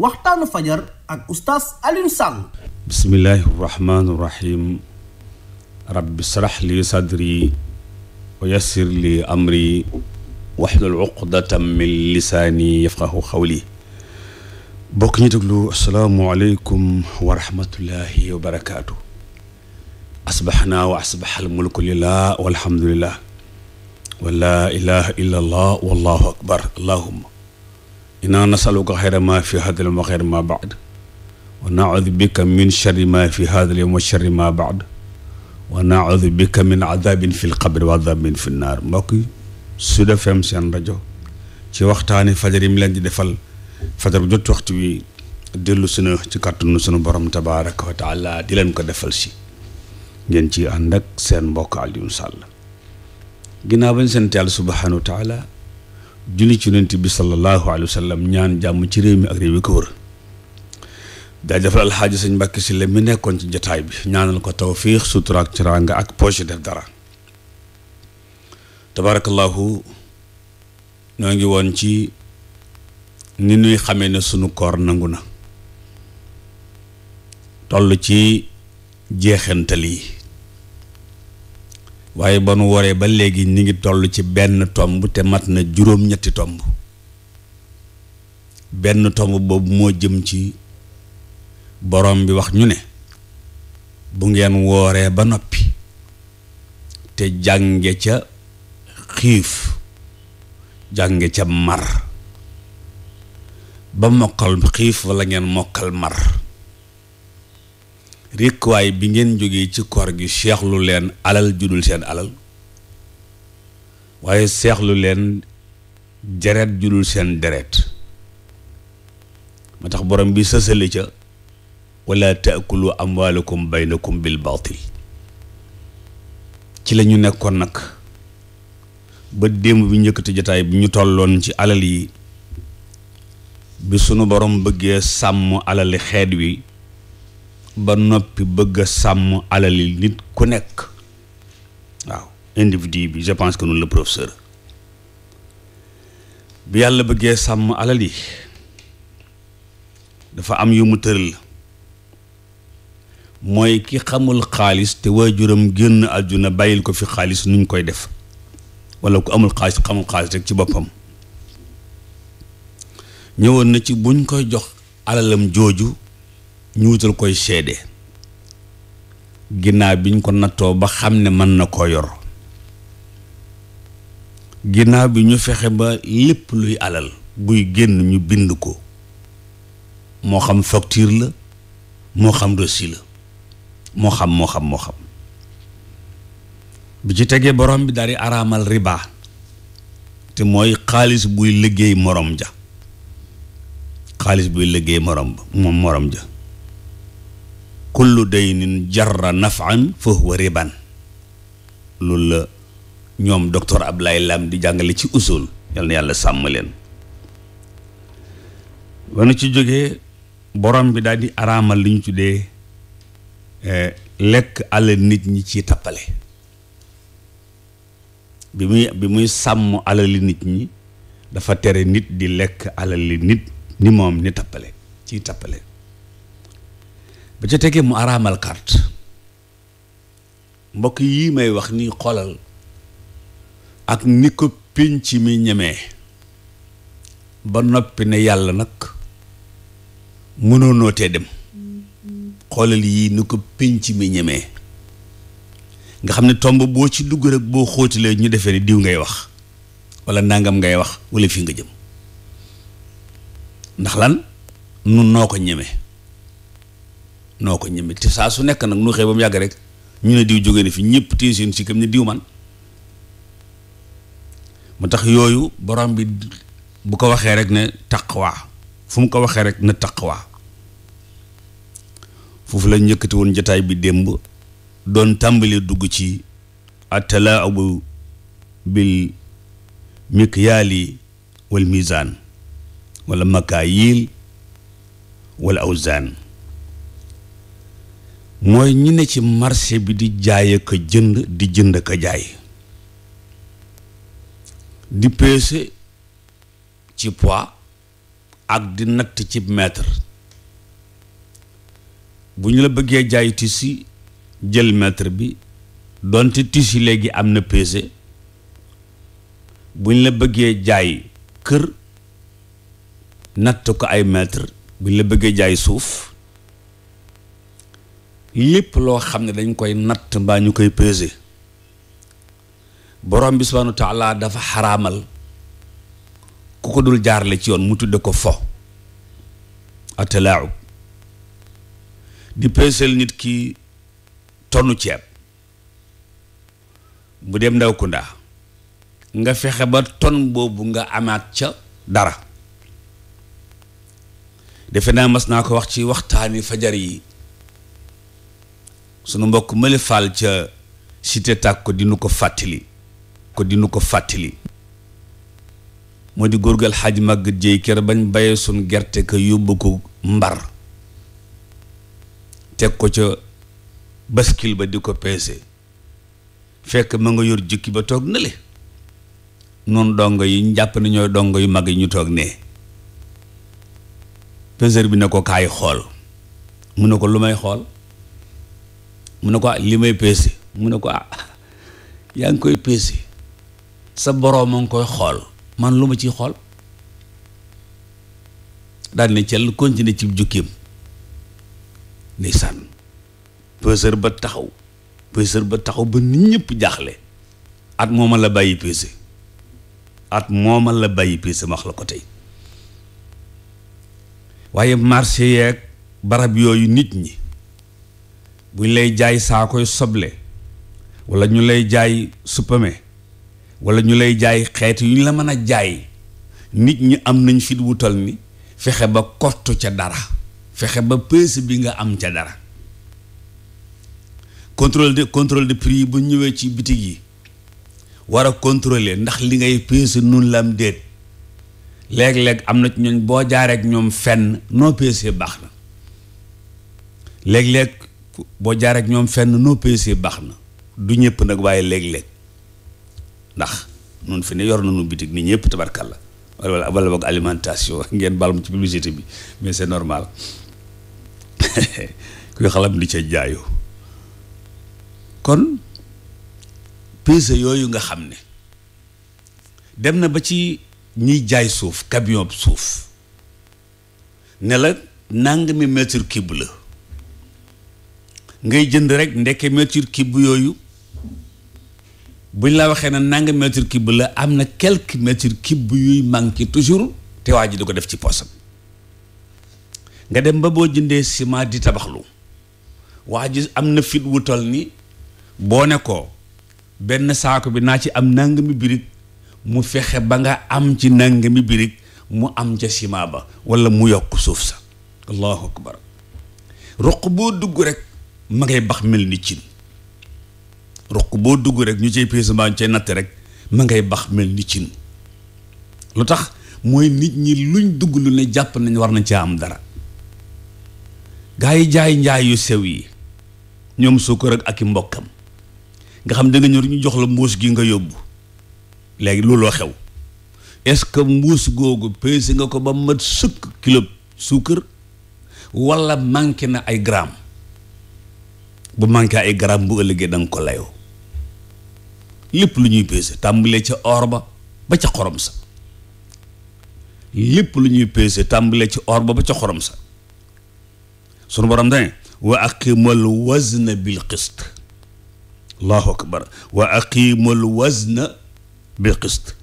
waxtaanu fajar ak ustaas Alioune Sall bismillahi rahmaani rahim rabbi shrah li sadri wa yassir li amri waxlul uqdatam min lisaani yafqahu xawli bokk ñu déglu asalaamualeykum wa rahmatullahi wa barakaatu asbaxnaa wa asbaxa almulku lillah walhamdulillah wa laa ilaha illa allah wallahu akbar allahumma inaa nasaluka xayra ma fi hadal yowm wa xayra ma baad wa naudu bika min charri ma fi hadal yowm wa ma baad wa naudu bika min adabin fi lqabri wa adabin fi nnaar mbokk Sud FM seen rajo ci waxtaani fajar yi mu defal fajar bu jot waxtu wi dellu sunu ci kàttanu sunu borom tabaraka wa taala di leen ko defal si gen ci ànd ak seen mbokk Alioune Sall ginnaaw bañ sant yàlla subhanahu wa taala julli ci yonent bi sallallahu alayhi wa sallam ñaan jàmm ci réew mi ak réew yi ko wër jaajëfal alxaaji sëñ Mbàkke si la mi nekkoon ci jataay bi ñaanal ko tawfiix sutura ak teraanga ak poche def dara tabaarakallaahu ñoo ngi woon ci ni ñuy xamee ne sunu koor nangu na toll ci jeexantal yi waaye ba nu waree ba léegi ñu ngi toll ci benn tomb te mat na juróom-ñetti tomb benn tomb boobu moo jëm ci borom bi wax ñu ne bu ngeen wooree ba noppi te jànge ca xiif jànge ca mar ba mokkal xiif walla ngeen mokkal mar rékkuwaay bi ngeen jógee ci koor gi seexlu leen alal judul seen alal waaye seexlu leen deret judul seen deret moo tax borom bi sësale ca wala taakulu amwaalakum baynakum bil baatil ci la ñu nekkoon nag ba démb bi njëkkati jotaay bi ñu tolloon ci alal yi bi sunu borom bëggee sàmm alali xeet wi ba noppi bëgg a sàmm alali nit ku nekk waaw individu bi je pense que noonu la professeur bi yàlla bëggee sàmm alal yi dafa am yu mu tëral mooy ki xamul xaalis te waajuram génn àdduna bàyyil ko fi xaalis nu nuñ koy def walla ku amul xaalis xamul xaalis rek ci boppam ñëwoon na ci buñ koy jox alalam jooju ñu wutal koy seede ginnaaw bi ñu ko nattoo ba xam ne mën na koo yor ginnaaw bi ñu fexe ba lépp luy alal buy génn ñu bind ko moo xam facture la moo xam reçu la moo xam moo xam bi ci tegee borom bi daal di araamal riba te mooy xaalis buy liggéey morom ja xaalis buy liggéey morom ba moom morom ja kullu daynin jarra nafan fa huwa riban loolu la ñoom docteur Abdoulaye Lam di jàngale ci usul yal yàlla sàmm leen ba ci jógee borom bi daal di araamal li ñu tuddee eh, lekk alal nit ñi ci tappale bi muy bi muy sàmm alali nit ñi dafa tere nit di lekk alali nit ni moom ni tappale ci tappale ba ca tegee mu araamal carte mbokk yi may wax ni xoolal ak ni ko pénc mi ñemee ba noppi na yàlla nag mënoonoo tee dem xoolal yii ni ko pénc mi ñemee nga xam ne tomb boo ci dugg rek boo xóotilee ñu defee ni diw ngay wax walla nangam ngay wax wala fii nga jëm ndax lan nun noo ko ñemee noo ko ñemee saa su nekk nag nu xëy ba mu yàgg rek ñu ne diw jógee na fi ñëpp téye si sikkam ne diw man mu tax yooyu borom bi bu ko waxee rek ne taqwa fu mu ko waxee rek ne taqwa foofu la njëkkati woon jataay bi démb doon tàmbali dugg ci atalaabu bil mikyaali wal mizaan wala makaayil wal awzaan mooy ñi ne ci marché bi di jaay ak jënd di jënd ak jaay di peese ci poids ak di natt ci mètre bu ñu la bëggee jaay tissu jël mètre bi donte tissu léegi am na peese bu ñu la bëggee jaay kër natt ko ay mètre bu ñu la bëggee jaay suuf lépp loo xam ne dañ koy natt mbaa ñu koy peser borom bi subhaanahu wa dafa xaraamal ku ko dul jaarle ci yoon mu tudd ko fo atalaaub di peesel nit ki tonnu ceeb bu dem ndaw kundaa nga fexe ba ton boobu nga amaat ca dara defe naa mas naa ko wax ci waxtaani fajar yi sunu mbokk mële faal ca cité tàkk ko dinu ko fàttali ko dinu ko fàttali moo di góorgal xaj màgg jéy kër bañ bayee suñ gerte ka yóbbu ko mbar teg ko ca baskil ba di ko peese fekk ma nga yor jikki ba toog na le noonu dongo yi njàpp ne ñooy dongo yu mag yi ñu toog ne peseur bi ne ko kaay xool mu ne ko lu may xool mu ne ko ah li may peese mu ne ko ah yaa ngi koy peese sa boroom a ngi koy xool man lu ma ciy xool daal ne cel continuer ci jukkim ndeysaan peeseur ba taxaw peeseur ba taxaw ba nit ñëpp jaaxle at mooma la bàyyi peese at mooma la bàyyi peese ma wax la ko tey waaye marché yeeg barab yooyu nit ñi buñ lay jaay saakoy soble wala ñu lay jaay suppame wala ñu lay jaay xeet yu ñu la mën a jaay nit ñi am nañ fit wutal ni fexe ba kott ca dara fexe ba peese bi nga am ca dara contrôle de contrôle de prix bu ñëwee ci bitig yi war a contrôler ndax li ngay peese nun la am déet léeg-léeg am na ñooñ boo jaaree ñoom fenn noo peesee baax na léeg-léeg boo jaar ak ñoom fenn noo peesee baax na du ñëpp nag waaye léeg-léeg ndax noonu fi ne yor nañu bitig ni ñëpp tabarkalla wala wala boog alimentation ngeen baal mu ci publicité bi mais c'est normal kuy xalam di ca jaayoo kon peese yooyu nga xam ne dem na ba ci ñiy jaay suuf camion suuf ne la nang mi mètre cube la ngay jënd rek ndekke mètre cube yooyu buñ la waxee na nanga mètre cube la am na quelques mètre cube yuy manqué toujours te waa ji di ko def ci poosam nga dem ba boo jëndee sima di tabaxlu waa ji am na fit wu toll ni boo ne ko benn saako bi naa ci am nangami birig mu fexe ba nga am ci nangami birig mu am ca ciment ba wala mu yokk suuf sa allahu akbar roq boo dugg rek ma ngay bax mel ni cin ruq boo dugg rek ñu cay piis mbaa ñu cay natt rek ma ngay bax mel ni cin lu tax mooy nit ñi luñ dugg lu ne jàpp nañ war nañ caa am dara gaa yi jaay njaay yu sew yi ñoom suukar ak i mbokkam nga xam danga nga ñëw ñu jox la mbuus gi nga yóbbu léegi looloo xew est-ce que mbuus googu peese nga ko ba mat sukk kilo suukar wala manqué na ay gramme bu manqué ay garaam bu ëllëgee da nga ko layoo lépp lu ñuy peese tàmbalee ca or ba ca xorom sa lépp lu ñuy peese tàmbalee ci or ba ba ca xorom sa sunu borom dane wa aqimul wazna bil qist allahu akbar bil qist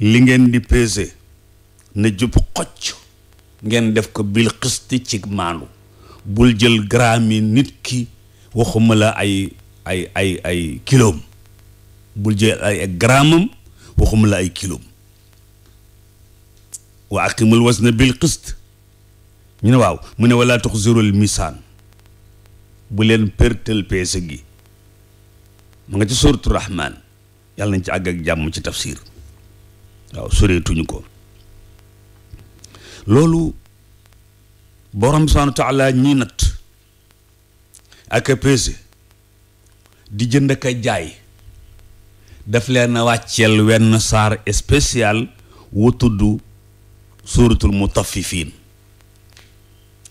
li ngeen di peese na jub xocc ngeen def ko bil qist ci maandu bul jël gramme nit ki waxumala ay ay ay ay kiloom bul jël ay gramme am waxuma la ay kiloom wa aqimul wasna bil qist ñu ne waaw mu ne wala tuxzirul misaan bu leen pertel peese gi mu nga ci suuratu rahmaan yàlla nañ ci àgg ak jàmm ci tafsir waaw soreetuñu ko loolu borom subhaanahu wa ñii nat ak a pesé di jënd ak a jaay daf leen a wàcceel wenn saar spécial wu tudd suuratul mutaffifiin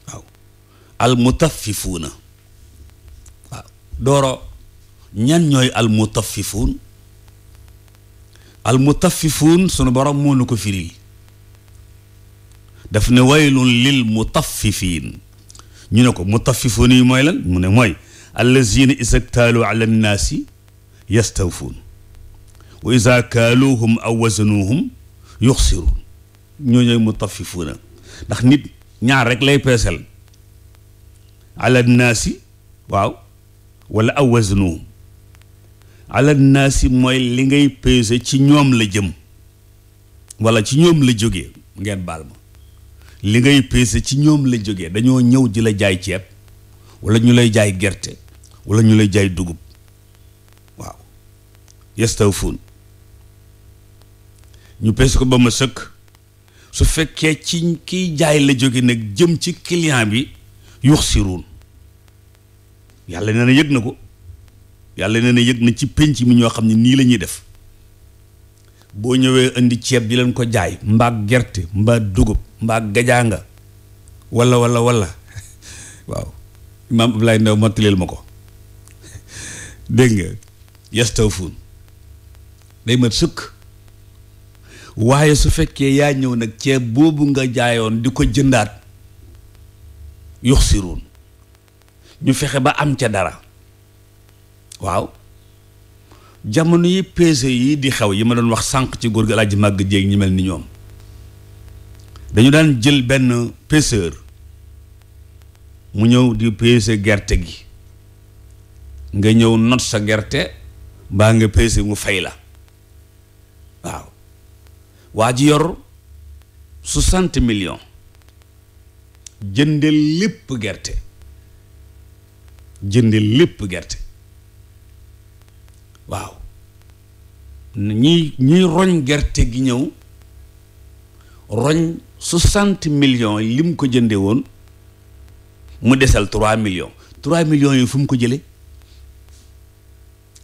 waaw al mutaffifuuna waaw dooro ñan ñooy al mutaffifuun al mutaffifuun sunu borom moo nu ko firil daf ne waylun lil mutaffifiin ñu ne ko mutaffifuun yi mooy la mu ne mooy allazina istaktaalu ala nnaasi yastawfuun wa isa kaaluuhum aw wazanuuhum yuxsiruun ñoo ñooy mutaffifuuna ndax nit ñaar rek lay peesel ala nnaasi waaw walla aw wazanuuhum ala nnaasi mooy li ngay peese ci ñoom la jëm wala ci ñoom la jógee ngeen baal ma li ngay peese ci ñoom la jóge dañoo ñëw di la jaay ceeb walla ñu lay jaay gerte wala ñu lay jaay dugub waaw fun ñu peese ko ba ma sëkk su fekkee ci kiy jaay la jóge nag jëm ci client bi si siruun yàlla nee na yëg na ko yàlla nee na yëg na ci penc mi ñoo xam ne nii lañuy def boo ñëwee indi ceeb di leen ko jaay mbaa gerte mbaa dugub mbaa gajaa nga wala wala wala waaw imaam Abdoulaye Ndaw mottileel ma ko dégg nga yastawfuun day mat sëkk waaye su fekkee yaa ñëw nag ceeb boobu nga jaayoon di ko jëndaat yux siruun ñu fexe ba am ca dara waaw jamono yi peese yi di xew yi ma doon wax sànq ci góor gi Alaaji Màgg Jéeg ñi mel ni ñoom dañu daan jël benn peseur mu ñëw di peser gerte gi nga ñëw not sa gerte baa nga peser mu fay la waaw waa ji yor soixante millions jënde lépp gerte jënde lépp gerte waaw ñi ñiy roñ gerte gi ñëw roñ soixante millions li mu ko jënde woon mu desal trois million trois millions yooyu fu mu ko jëlee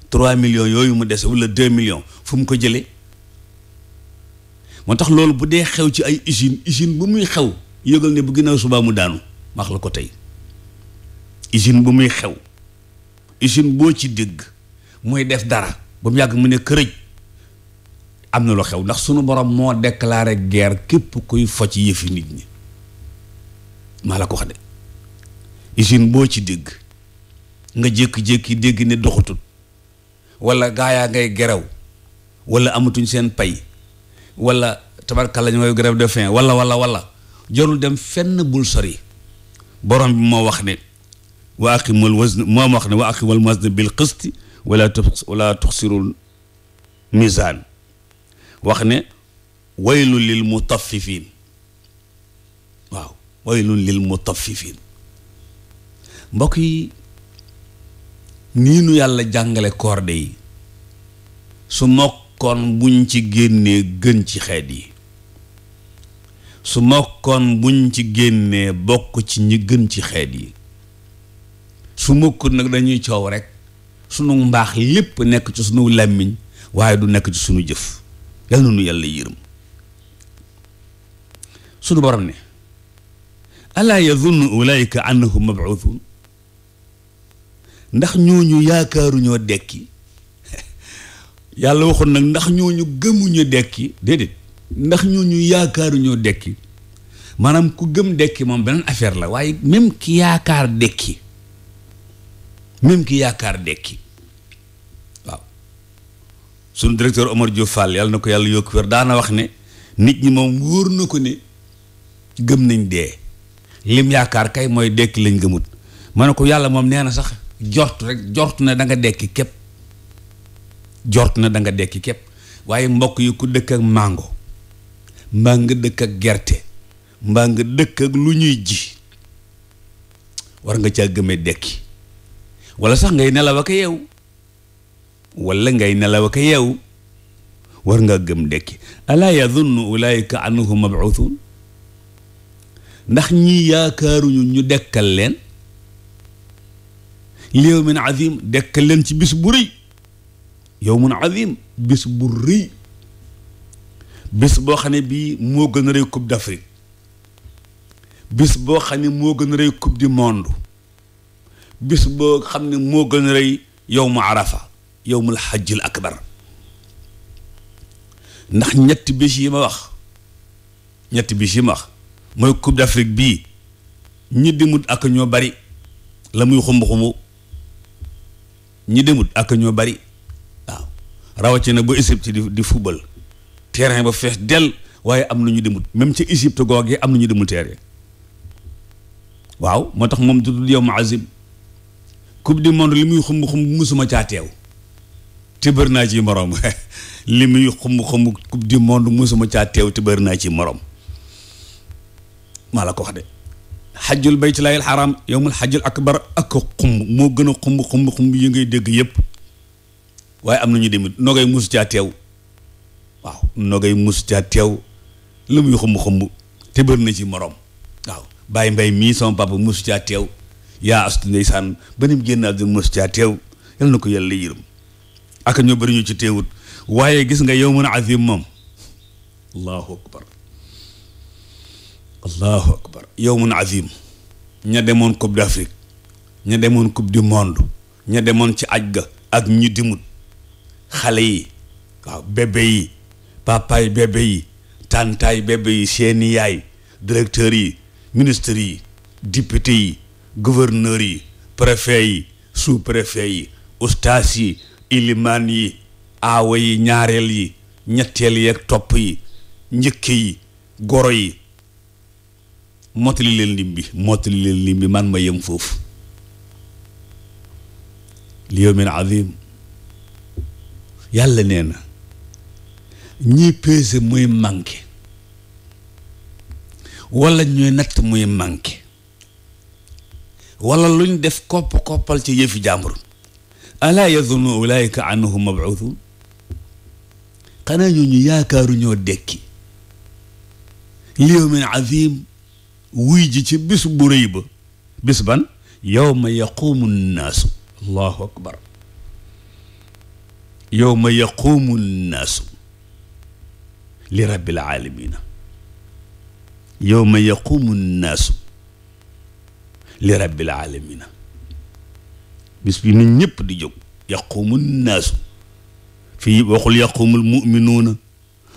trois millions yooyu mu des wala deux million fu mu ko jëlee moo tax loolu bu dee xew ci ay usine usine bu muy xew yëgal ne bu ginnaaw subaa mu daanu wax la ko tey usine bu muy xew usine boo ci dégg mooy def dara ba mu yàgg mu ne kërëj am na lu xew ndax sunu boroom moo déclaré ger képp kuy foc yëfi nit ñi maa la ko wax de usine boo ci dégg nga jékki-jékki dégg ne doxatul wala gaayaa ngay gerew walla amatuñ seen pay walla tabarkalla ñu ngay grève de faim wala wala wala jorul dem fenn bul sori boroom bi moo wax ne wa aqimul wazn wax ne wa aqimul wazn bil qisti wala walla tuxsirul mizaan wax ne waylun lil mutaffifin waaw waylun lil mu mutaffifin mbokk yi nii nu yàlla jàngale koorde yi su mokkoon buñ ci génnee gën ci xeet yi su mokkoon buñ ci génnee bokk ci ñi gën ci xeet yi su mokkut nag dañuy coow rek sunu mbaax lépp nekk ci sunu làmmiñ waaye du nekk ci sunu jëf yàlla nu yàlla yërëm sunu borom ne alaa yazunnu ulaayika annahum ndax ñooñu yaakaaruñoo dekki yàlla waxoon nag ndax ñooñu gëmuñu dekki déedéet ndax ñooñu yaakaaruñoo dekki maanaam ku gëm dekki moom beneen affaire la waaye même ki yaakaar dekki même ki yaakaar dekki sunu directeur Omar Diop Fall yàlla na ko yàlla yokk wér daana wax ne nit ñi moom wóor na ko ne gëm nañ dee lim yaakaar kay mooy dekk lañ gëmut ma ne ko yàlla moom nee na sax jort rek jort na da nga dekki képp jort na da nga dekki képp waaye mbokk yi ku dëkk ak màngo mbaa dëkk ak gerte mbaa nga dëkk ak lu ñuy ji war nga caa gëmee dekki wala sax ngay nelaw ak yeewu wala ngay nelaw ak yow war nga gëm dekki alaa yadunnu ulaayika annahum mab'uthun ndax ñii yaakaaruñu ñu dekkal leen li yawmin azim dekkal leen ci bis bu rëy yawmun azim bis bu rëy bis boo xam ne bii moo gën a rëy coupe d'Afrique bis boo xam moo gën a rëy coupe du monde bis boo xam ne moo gën a arafa la yowmul xajjil akbar ndax ñetti bés yi ma wax ñetti bés yi ma wax mooy coupe d'Afrique bii ñu demut ak ñoo bari la muy xumb xumb ñi demut ak ñoo bari waaw rawatina ba Égypte di di football terrain ba fees dell waaye am na ñu demut même ca Égypte googee am na ñu demul terrain waaw moo tax moom du yow ma azim coupe du monde li muy xumb xumb musuma caa teew tëbër naa ci moroom li muy xumb xumb coupe du monde mosuma caa teew tëbër naa ci morom maa la ko wax de xajjul baytilaayil xaraam yowmul xajjul akbar ak xumb moo gën a xumb xumb yi ngay dégg yépp waaye am na ñu demit nogay mosu caa teew waaw nogay mosu caa teew li muy xumb xumb tëbër na ci morom waaw bàyyi mbay mii sama papa mosu caa teew yaa astu ndeysaan ba ni mu génn àdduna mosu caa teew yal na ko yàlla yërëm ak ñoo bëri ñu ci teewut waaye gis nga yawmun azim moom allahu akbar allahu akbar yawmun azim ña demoon coupe d'Afrique ña demoon coupe du monde ña demoon ci aj ga ak ñu dimut xale yi waaw bébé yi papaay bébé yi tàntaay bébé yi seeni yaay directeurs yi ministres yi députés yi gouverneurs yi préfet yi sous-préfet yi ustaas yi ilimaan yi aawa yi ñaareel yi ñetteel yi ak topp yi njëkk yi goro yi mottali leen lim bi mottali leen lim man ma yem foofu li yawmin azim yàlla nee na ñiy muy manqué wala ñuy natt muy manqué wala luñ def kopp koppal ci yëfi jàmbur alaa yazunnu ulaayika annahum mabuuthun xanaa ñooñu yaakaaru ñoo dekki li yawmin azim wuy ji ci bis bu rëy ba bis ban yawma yaquumu nnaasu allahu akbar yawma yaquumu nnaasu li rabbil aalamiina yawma yaquumu nnaasu li rabbil aalamiina bis bi nit ñëpp di jóg yaqumu naasu fii waxul yaqumul muminuuna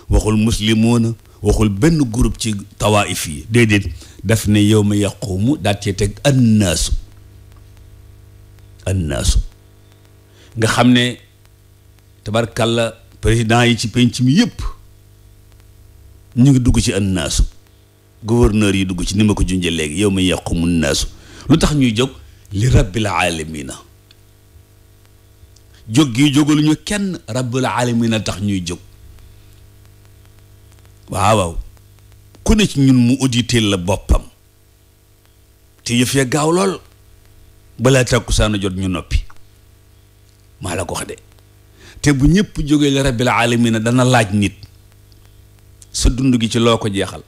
waxul muslimuuna waxul benn group ci tawaif yi déedéet def ne yow ma yaqumu daat cee teg annaasu annaasu nga xam ne tabarkàlla président yi ci penc mi yëpp ñu ngi dugg ci annaasu gouverneur yi dugg ci ni ma ko junjee léegi yow ma yaqumu naasu lu tax ñuy jóg li rabbil aalamiina jóg gi jógaluñu kenn rabbul alamina tax ñuy jóg waaw ku ne ci ñun mu audité la boppam te yëf ya gaaw lool balaa tàkkusaanu jot ñu noppi maa la ko wax te bu ñëpp jógee la rabbil alamina dana laaj nit sa dund gi ci loo ko jeexal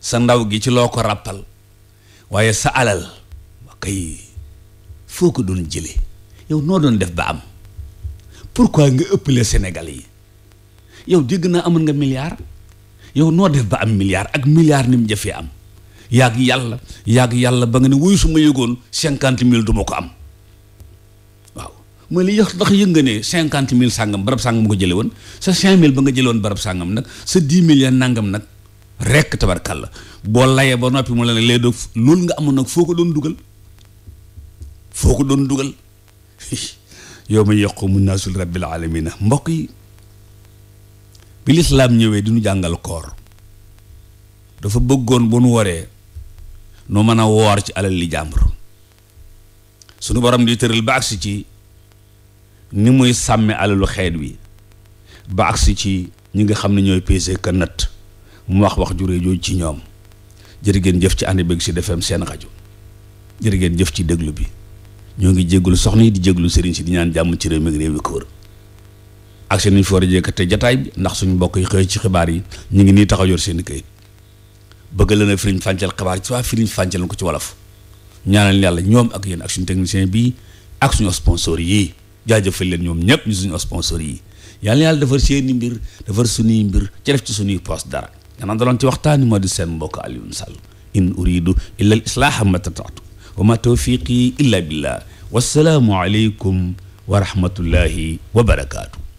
sa ndaw gi ci loo ko ràppal waaye sa alal ba kay foo ko doon jëlee yow noo doon def ba am pourquoi nga ëpp ëppale Sénégalais yi yow dégg naa amoon nga milliard yow noo def ba am milliard ak milliard ni mu jafee am yàgg yàlla yàgg yàlla ba nga ne wuyu su ma yëgoon cinquante mille duma ko am waaw mooy li yox ndax yëg nga ne cinquante mille sàngam barab sàngam ko jële woon sa cinq mille ba nga jële woon barab sàngam nag sa dix mille ya nàngam nag rekk tabarkal la boo layee ba noppi mu la ne léegi loolu nga amoon nag ko doon doon dugal yow ma yaqumu naasu li rabbil aalamiina mbokk yi bi ñëwee di ñu jàngal koor dafa bëggoon bu nu waree nu mën a woor ci alal li jàmbur sunu borom di tëral ba agsi ci ni muy sàmme alalu xeet wi ba agsi ci ñi nga xam ne ñooy peese ka mu wax wax jure jooju ci ñoom jër ngeen jëf ci ànd beeg si defem seen rajo jërë ngeen jëf ci déglu bi ñoo ngi jégalu soxna yi di jégalu sëriñ si di ñaan jàmm ci réew mi ak réew yi ko wër ak seen fi war a te jataay bi ndax suñu mbokk yi xëy ci xibaar yi ñu ngi nii taxaw yor seen i bëgg la na firiñ fàncal xibaar ci waa firiñ fàncal ko ci wolof ñaanal yàlla ñoom ak yéen ak suñu technicien bii ak suñu sponsor yi jaajëfal leen ñoom ñëpp ñu suñu sponsor yi yàlla yàlla defar seeni mbir defar suñuy mbir ci def ci suñuy poste dara ganaan daloon ci waxtaani moo di seen mbokk Alioune Sall in uridu illa al islaaha ma wa ma tawfiqi illa billah wassalaamu aleykum wa rahmatullahi wa barakaatu